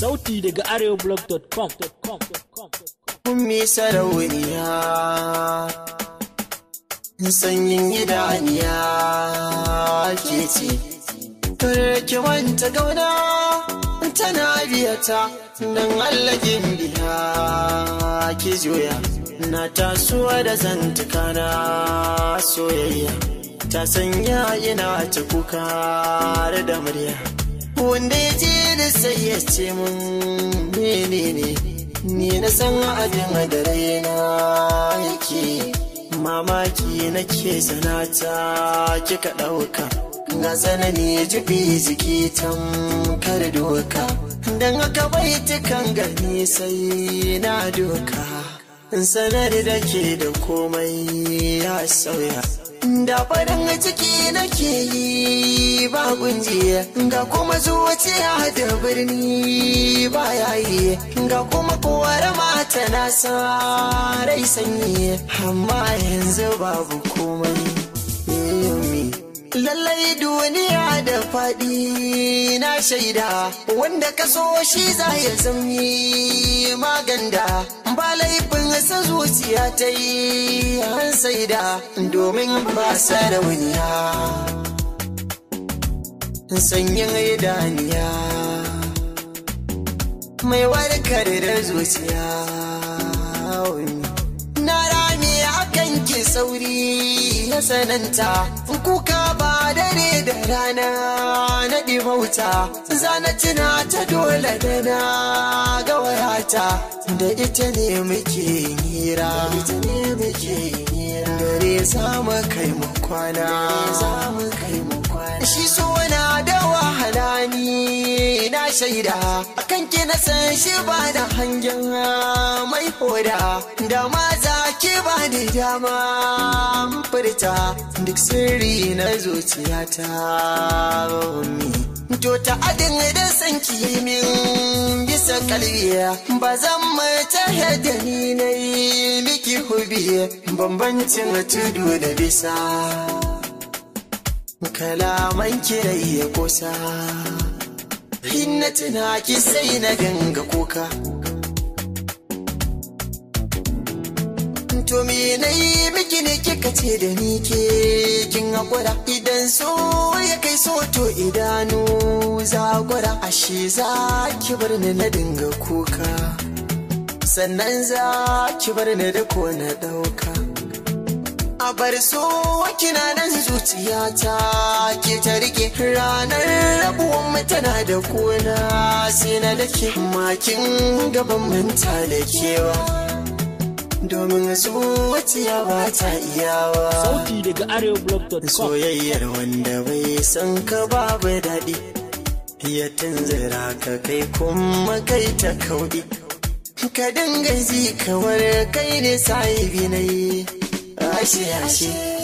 Sauti daga areoblog.com. Ummi sarauniya, sanyin aniya ke ce, ke wanta gauna tana biyata don allakin biya ke Na tasuwa da zantuka na soyayya, ta sanya yana ta kuka da murya. wanda ya je da sai ya ce mun ne ni na san abin da na yake mamaki na nake sanata kika ɗauka ga tsanani jibi jiki tamkar doka don haka bai tukan gani sai na doka sanar da ke da komai ya sauya da farin ciki nake yi ba kunje ga kuma zuciya da birni ba yayi ga kuma kowar mata na sa rai sanyi amma yanzu babu komai lallai duniya da faɗi na shaida wanda ka so shi za ya zami maganda ba laifin san zuciya ta yi an saida domin sa da wuniya sanyin idaniya mai warkar da zuciya wani. sauri ya sananta kuka ba dare da rana na ɗimauta zana tuna ta dole da na ga wayata da ita ne muke hira dare za mu kai mu kwana shi so na da wahala ni na shaida akan ki na san shi ba da hangen yi hoda da ma za ki ba ni dama furta duk sirri na zuciyata. To ta adin da san kimin bisa kalbiya ba zan ta da ni na yi miki hubi bambancin tudu da bisa. Kalaman ki da iya kusa, hinna tuna ki sai na ganga kuka. to me na yi miki ne kika ce da ni ke kin haƙura idan so ya kai so to idanu za gwada ashe za ki bar ni na dinga kuka sannan za ki bar ni da ko na ɗauka a bar so kina nan zuciyata ke ta rike ranar rabuwan mu tana da kona sai na dake makin gaban manta da kewa domin ya ba ta iyawa. Sauti daga Soyayyar wanda bai san ka babu daɗi, ya tunzura ka kai kuma kai ta kauɗi. Ka dinga dangazi kamar kai ne sahibi na yi, ashe ashe.